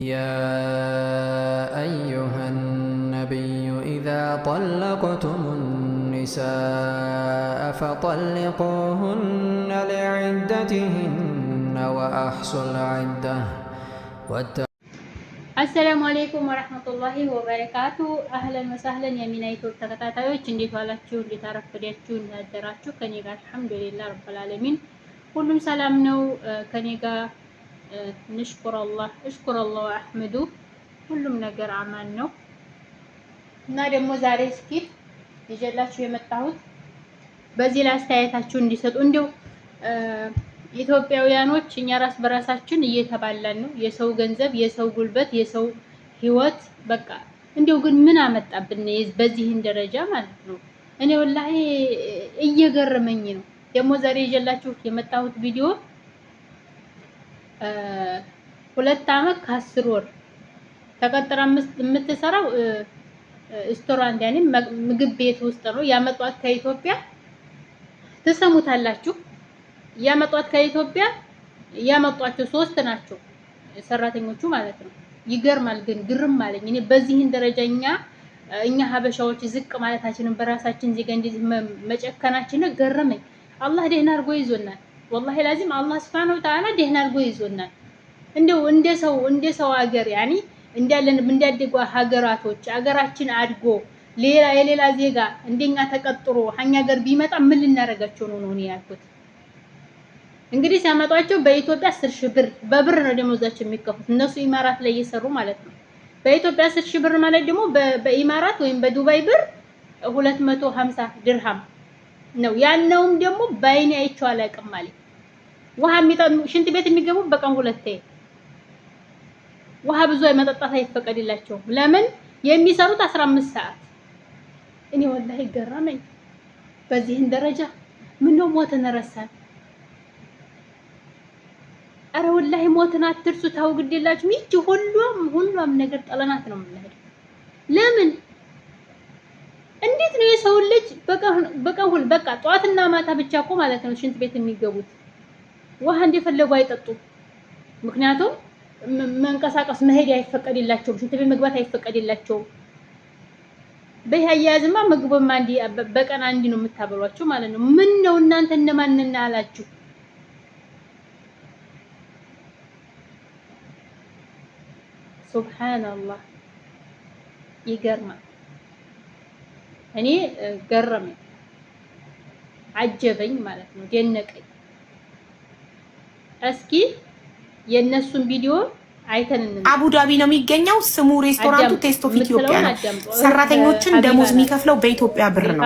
يا أيها النبي إذا طلقتم النساء فطلقوهن لعدتهن وأحصوا العدة አሰላሙ አሌይኩም ወረህመቱላሂ ወበረካቱ። አህለን ወሳህለን የሚና ዩቱብ ተከታታዮች እንዴት ዋላችሁ? እንዴት አረፈዳችሁ? እንዳደራችሁ? ከኔ ጋር አልሐምዱሊላህ ረብል ዓለሚን ሁሉም ሰላም ነው ከኔ ጋር ንሽኩር አላህ እሽኩር አላህ አህመዱ ሁሉም ነገር አማን ነው እና ደግሞ ዛሬ እስኪ ይዤላችሁ የመጣሁት በዚህ ላይ አስተያየታችሁ እንዲሰጡ እንዲሁ ኢትዮጵያውያኖች እኛ ራስ በራሳችን እየተባላን ነው። የሰው ገንዘብ፣ የሰው ጉልበት፣ የሰው ህይወት በቃ እንዲሁ ግን ምን አመጣብን በዚህን ደረጃ ማለት ነው። እኔ ወላሂ እየገረመኝ ነው። ደግሞ ዛሬ ይዤላችሁ የመጣሁት ቪዲዮ ሁለት አመት ከአስር ወር ተቀጥራ የምትሰራው ስቶራንት ያኔ ምግብ ቤት ውስጥ ነው ያመጧት ከኢትዮጵያ። ትሰሙታላችሁ። ያመጧት ከኢትዮጵያ ያመጧቸው ሶስት ናቸው ሰራተኞቹ ማለት ነው። ይገርማል ግን ግርም ማለኝ እኔ በዚህን ደረጃ እኛ እኛ ሀበሻዎች ዝቅ ማለታችንን በራሳችን ዜጋ እንደዚህ መጨከናችን ገረመኝ። አላህ ደህና አድርጎ ይዞናል። ወላሂ ላዚም አላህ ስብሐነሁ ወተዓላ ደህና አድርጎ ይዞናል። እንደው እንደ ሰው እንደ ሰው ሀገር ያኔ እንዳለን እንዳደጉ ሀገራቶች ሀገራችን አድጎ ሌላ የሌላ ዜጋ እንደኛ ተቀጥሮ ሀኛ ሀገር ቢመጣ ምን ልናደርጋቸው ነው ነው ያልኩት። እንግዲህ ሲያመጧቸው በኢትዮጵያ አስር ሺህ ብር በብር ነው ደሞዛቸው የሚከፉት እነሱ ኢማራት ላይ እየሰሩ ማለት ነው። በኢትዮጵያ አስር ሺህ ብር ማለት ደግሞ በኢማራት ወይም በዱባይ ብር ሁለት መቶ ሀምሳ ድርሃም ነው። ያነውም ደግሞ በአይኔ አይቼው አላውቅም ማለት ውሃ የሚጠኑ ሽንት ቤት የሚገቡ በቀን ሁለቴ ውሃ ብዙ መጠጣት አይፈቀድላቸውም። ለምን የሚሰሩት 15 ሰዓት። እኔ ወላሂ ገረመኝ። በዚህን ደረጃ ነው ሞትን ረሳን? አረ ወላሂ ሞትን አትርሱ፣ ታው ግድ ይቺ ሁሉም ሁሉም ነገር ጠለናት ነው የምንሄድ። ለምን እንዴት ነው የሰውን ልጅ በቃ በቃ ጠዋትና ማታ ብቻ እኮ ማለት ነው ሽንት ቤት የሚገቡት ውሃ እንደፈለጉ አይጠጡም። ምክንያቱም መንቀሳቀስ መሄድ አይፈቀድላቸውም። ሽንት ቤት መግባት አይፈቀድላቸውም። በይህ አያያዝማ ምግብማ እንዲ በቀን አንድ ነው የምታበሏቸው ማለት ነው። ምን ነው እናንተ እነማንና አላችሁ? ሱብሃንአላህ ይገርማል። እኔ ገረመኝ፣ አጀበኝ ማለት ነው፣ ደነቀኝ። እስኪ የእነሱን ቪዲዮ አይተን አቡዳቢ ነው የሚገኘው ስሙ ሬስቶራንቱ ቴስት ኦፍ ኢትዮጵያ ነው። ሰራተኞችን ደሞዝ የሚከፍለው በኢትዮጵያ ብር ነው።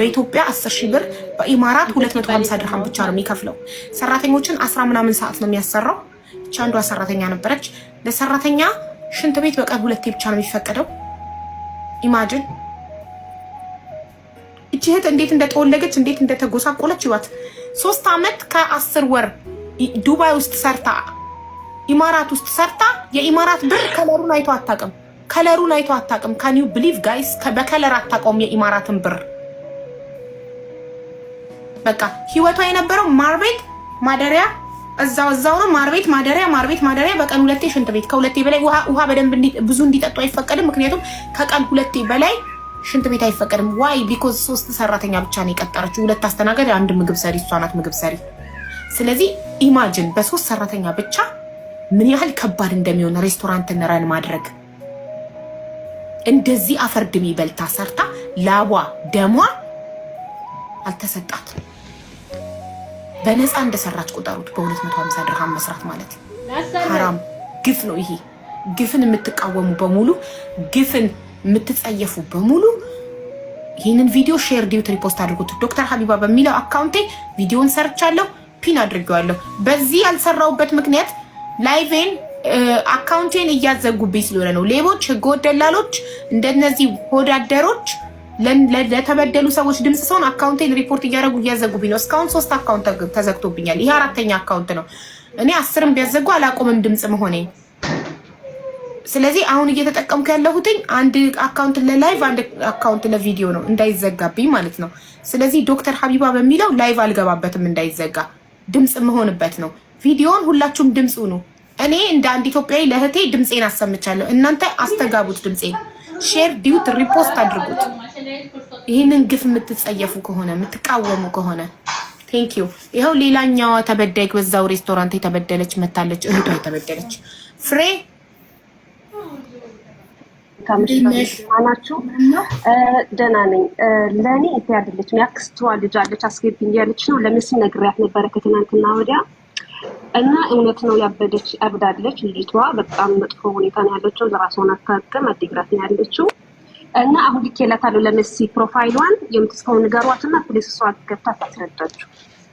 በኢትዮጵያ 10000 ሺህ ብር፣ በኢማራት 250 ድርሃም ብቻ ነው የሚከፍለው። ሰራተኞችን አስራ ምናምን ሰዓት ነው የሚያሰራው። ብቻ አንዷ ሰራተኛ ነበረች። ለሰራተኛ ሽንት ቤት በቀን ሁለቴ ብቻ ነው የሚፈቀደው። ኢማጅን እቺ እህት እንዴት እንደተወለገች እንዴት እንደተጎሳቆለች ይዋት። ሶስት አመት ከአስር ወር ዱባይ ውስጥ ሰርታ ኢማራት ውስጥ ሰርታ የኢማራት ብር ከለሩን አይቶ አታውቅም። ከለሩን አይቶ አታውቅም። ካን ዩ ብሊቭ ጋይስ? በከለር አታውቀውም የኢማራትን ብር። በቃ ህይወቷ የነበረው ማርቤት ማደሪያ እዛው እዛው ነው። ማርቤት ማደሪያ፣ ማርቤት ማደሪያ፣ በቀን ሁለቴ ሽንት ቤት። ከሁለቴ በላይ ውሃ በደንብ ብዙ እንዲጠጡ አይፈቀድም። ምክንያቱም ከቀን ሁለቴ በላይ ሽንት ቤት አይፈቀድም። ዋይ ቢኮዝ ሶስት ሰራተኛ ብቻ ነው የቀጠረችው። ሁለት አስተናገድ አንድ ምግብ ሰሪ። እሷ ናት ምግብ ሰሪ። ስለዚህ ኢማጅን በሶስት ሰራተኛ ብቻ ምን ያህል ከባድ እንደሚሆን ሬስቶራንት ረን ማድረግ እንደዚህ አፈርድሚ በልታ ሰርታ ላቧ ደሟ አልተሰጣት በነፃ እንደሰራች ቁጠሩት። በ250 ድርሃም መስራት ማለት ሀራም ግፍ ነው ይሄ። ግፍን የምትቃወሙ በሙሉ ግፍን የምትጸየፉ በሙሉ ይህንን ቪዲዮ ሼር ዲዩት ሪፖስት አድርጉት። ዶክተር ሀቢባ በሚለው አካውንቴ ቪዲዮን ሰርቻለሁ። ፒን አድርጌዋለሁ። በዚህ ያልሰራውበት ምክንያት ላይቬን አካውንቴን እያዘጉብኝ ስለሆነ ነው። ሌቦች፣ ህገወጥ ደላሎች፣ እንደነዚህ ሆዳደሮች ለተበደሉ ሰዎች ድምፅ ሰሆን አካውንቴን ሪፖርት እያደረጉ እያዘጉብኝ ነው። እስካሁን ሶስት አካውንት ተዘግቶብኛል። ይሄ አራተኛ አካውንት ነው። እኔ አስርም ቢያዘጉ አላቆምም ድምፅ መሆኔ። ስለዚህ አሁን እየተጠቀምኩ ያለሁትኝ አንድ አካውንት ለላይቭ አንድ አካውንት ለቪዲዮ ነው፣ እንዳይዘጋብኝ ማለት ነው። ስለዚህ ዶክተር ሀቢባ በሚለው ላይቭ አልገባበትም እንዳይዘጋ ድምፅ መሆንበት ነው። ቪዲዮን ሁላችሁም ድምፅ ሁኑ። እኔ እንደ አንድ ኢትዮጵያዊ ለእህቴ ድምፄን አሰምቻለሁ። እናንተ አስተጋቡት፣ ድምፄን ሼር፣ ዲዩት፣ ሪፖስት አድርጉት። ይህንን ግፍ የምትጸየፉ ከሆነ የምትቃወሙ ከሆነ ቴንክ ዩ። ይኸው ሌላኛዋ ተበዳይ በዛው ሬስቶራንት የተበደለች መታለች፣ እህቷ የተበደለች ፍሬ ናችሁ? ደህና ነኝ። ለእኔ እህቴ አይደለችም ያክስቷ ልጅ አለች። አስገብኝ ያለች ነው። ለመስል ነግሬያት ነበረ ከትናንትና ወዲያ እና እውነት ነው ያበደች አብዳለች ልጅቷ። በጣም መጥፎ ሁኔታ ነው ያለችው። ለራሷን አታውቅም። አዲግራት ነው ያለችው እና አሁን ልኬላታለሁ ለመሲ ፕሮፋይሏን የምትስፋውን ንገሯት እና ፖሊስ እሷ ገብታ ታስረዳችሁ።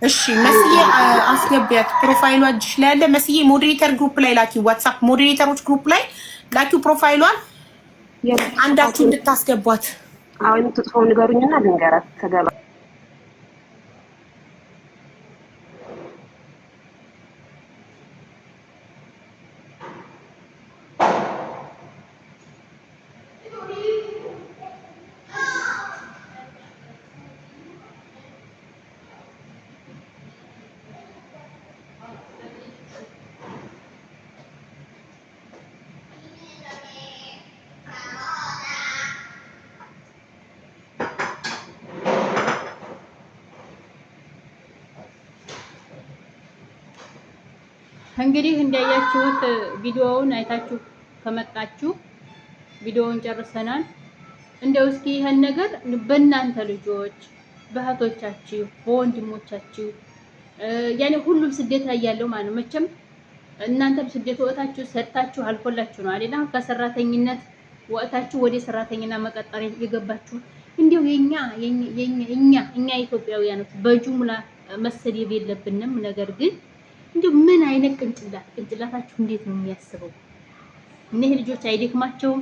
እሺ መስዬ አስገቢያት። ፕሮፋይሏ እጅሽ ላይ ያለ መስዬ ሞዴሬተር ግሩፕ ላይ ላኪ። ዋትሳፕ ሞዴሬተሮች ግሩፕ ላይ ላኪው ፕሮፋይሏን አንዳችሁ እንድታስገቧት አሁን የምትጽፈው ንገሩኝና ልንገራት ተገባ እንግዲህ እንዳያችሁት ቪዲዮውን አይታችሁ ከመጣችሁ ቪዲዮውን ጨርሰናል። እንደው እስኪ ይሄን ነገር በእናንተ ልጆች፣ በእህቶቻችሁ፣ በወንድሞቻችሁ ያኔ ሁሉም ስደት ላይ ያለው ማለት ነው። መቼም እናንተም ስደት ወጣችሁ ሰጥታችሁ አልፎላችሁ ነው አይደል? ከሰራተኝነት ወጣችሁ ወደ ሰራተኝና መቀጠር የገባችሁ እንዲሁ የኛ የኛ እኛ ኢትዮጵያውያኖች በጁምላ መሰደብ የለብንም ነገር ግን እንዲሁ ምን አይነት ቅንጭላት ቅንጭላታችሁ እንዴት ነው የሚያስበው? እነዚህ ልጆች አይደክማቸውም፣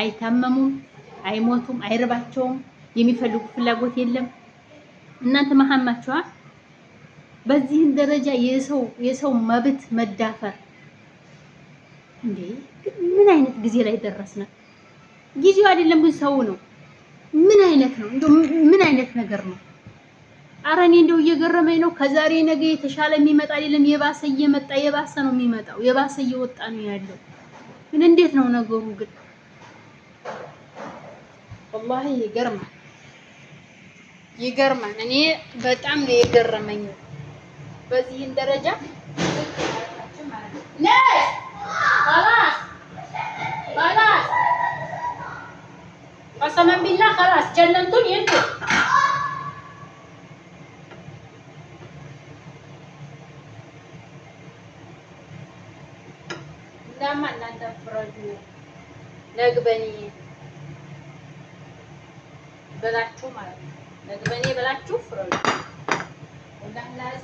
አይታመሙም፣ አይሞቱም፣ አይርባቸውም፣ የሚፈልጉ ፍላጎት የለም። እናንተ መሀማችኋ በዚህን ደረጃ የሰው የሰው መብት መዳፈር እንዴ! ምን አይነት ጊዜ ላይ ደረስነ? ጊዜው አይደለም ግን ሰው ነው። ምን አይነት ነው? ምን አይነት ነገር ነው? ኧረ እኔ እንደው እየገረመኝ ነው። ከዛሬ ነገ የተሻለ የሚመጣ አይደለም፣ የባሰ እየመጣ የባሰ ነው የሚመጣው፣ የባሰ እየወጣ ነው ያለው። ግን እንዴት ነው ነገሩ? ግን ወላሂ ይገርማል፣ ይገርማል። እኔ በጣም ነው የገረመኝ በዚህን ደረጃ ነ ሰመን ቢላ ላስ ጀለንቱን ነግበኔ በላችሁ ማለት ነው። ነግበኔ በላችሁ ፍረዱ። ወላሂ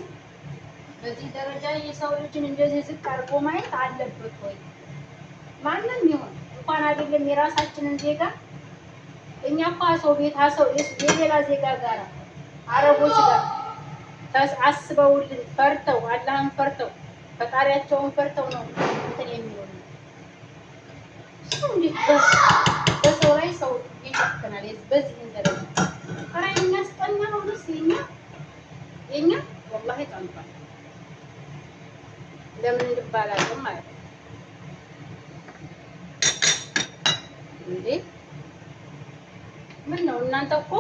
በዚህ ደረጃ የሰው ልጅን እንደዚህ ዝቅ አድርጎ ማየት አለበት ወይ? ማንም ይሁን እንኳን አይደለም የራሳችንን ዜጋ እኛ እኮ ሰው ቤት ሰው የሌላ ዜጋ ጋር አረቦች ጋር አስበውልን ፈርተው አላህን ፈርተው ፈጣሪያቸውን ፈርተው ነው እንትን የሚ በሰው ላይ ሰው ይጨክናል። በዚህ ደረጃ ኧረ የሚያስጠላ ነው። የኛ የኛ ወላሂ ጠንቷል። ለምን እንባላለን ማለት ነው እንዴ? ምን ነው እናንተ እኮ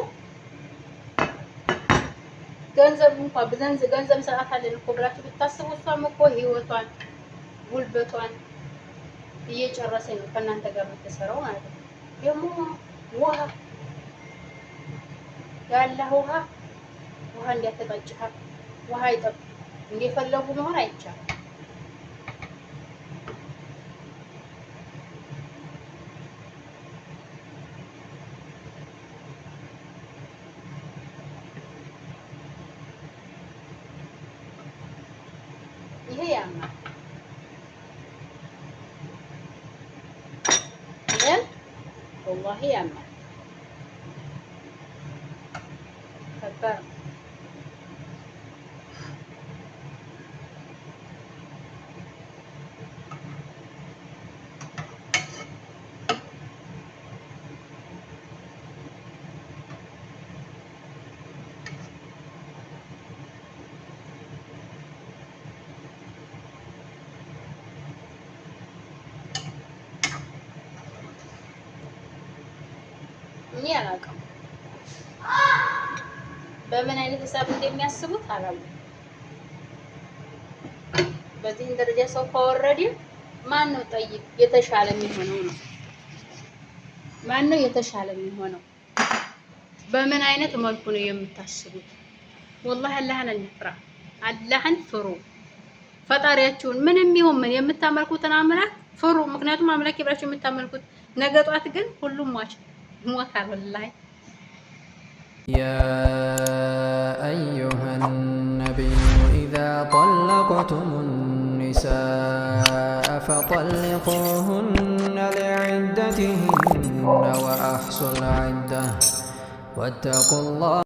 ገንዘብ እንኳን ብዘንዝ ገንዘብ ሰዓት አለን እኮ ብላችሁ ብታስቡ እሷም እኮ ህይወቷን ጉልበቷን እየጨረሰኝ ነው ከእናንተ ጋር የምትሰራው ማለት ነው። ደግሞ ውሃ ያለህ ውሃ ውሃ እንዲያተጣጭሃል ውሃ አይጠብ እንደፈለጉ መሆን አይቻልም። والله أعلم አላውቅም። በምን አይነት ሂሳብ እንደሚያስቡት አላውቅም። በዚህም ደረጃ ሰው ከወረደ ማን ነው ጠይቅ የተሻለ የሚሆነው ነው? ማን ነው የተሻለ የሚሆነው? በምን አይነት መልኩ ነው የምታስቡት? ወላሂ አላህን እንፍራ፣ አላህን ፍሩ። ፈጣሪያችሁን ምንም ይሁን ምን የምታመልኩትን አምላክ ፍሩ። ምክንያቱም አምላክ ይብራችሁ የምታመልኩት ነገ ጧት ግን ሁሉም ሟች موافقة والله يا أيها النبي إذا طلقتم النساء فطلقوهن لعدتهن وأحصوا العدة واتقوا الله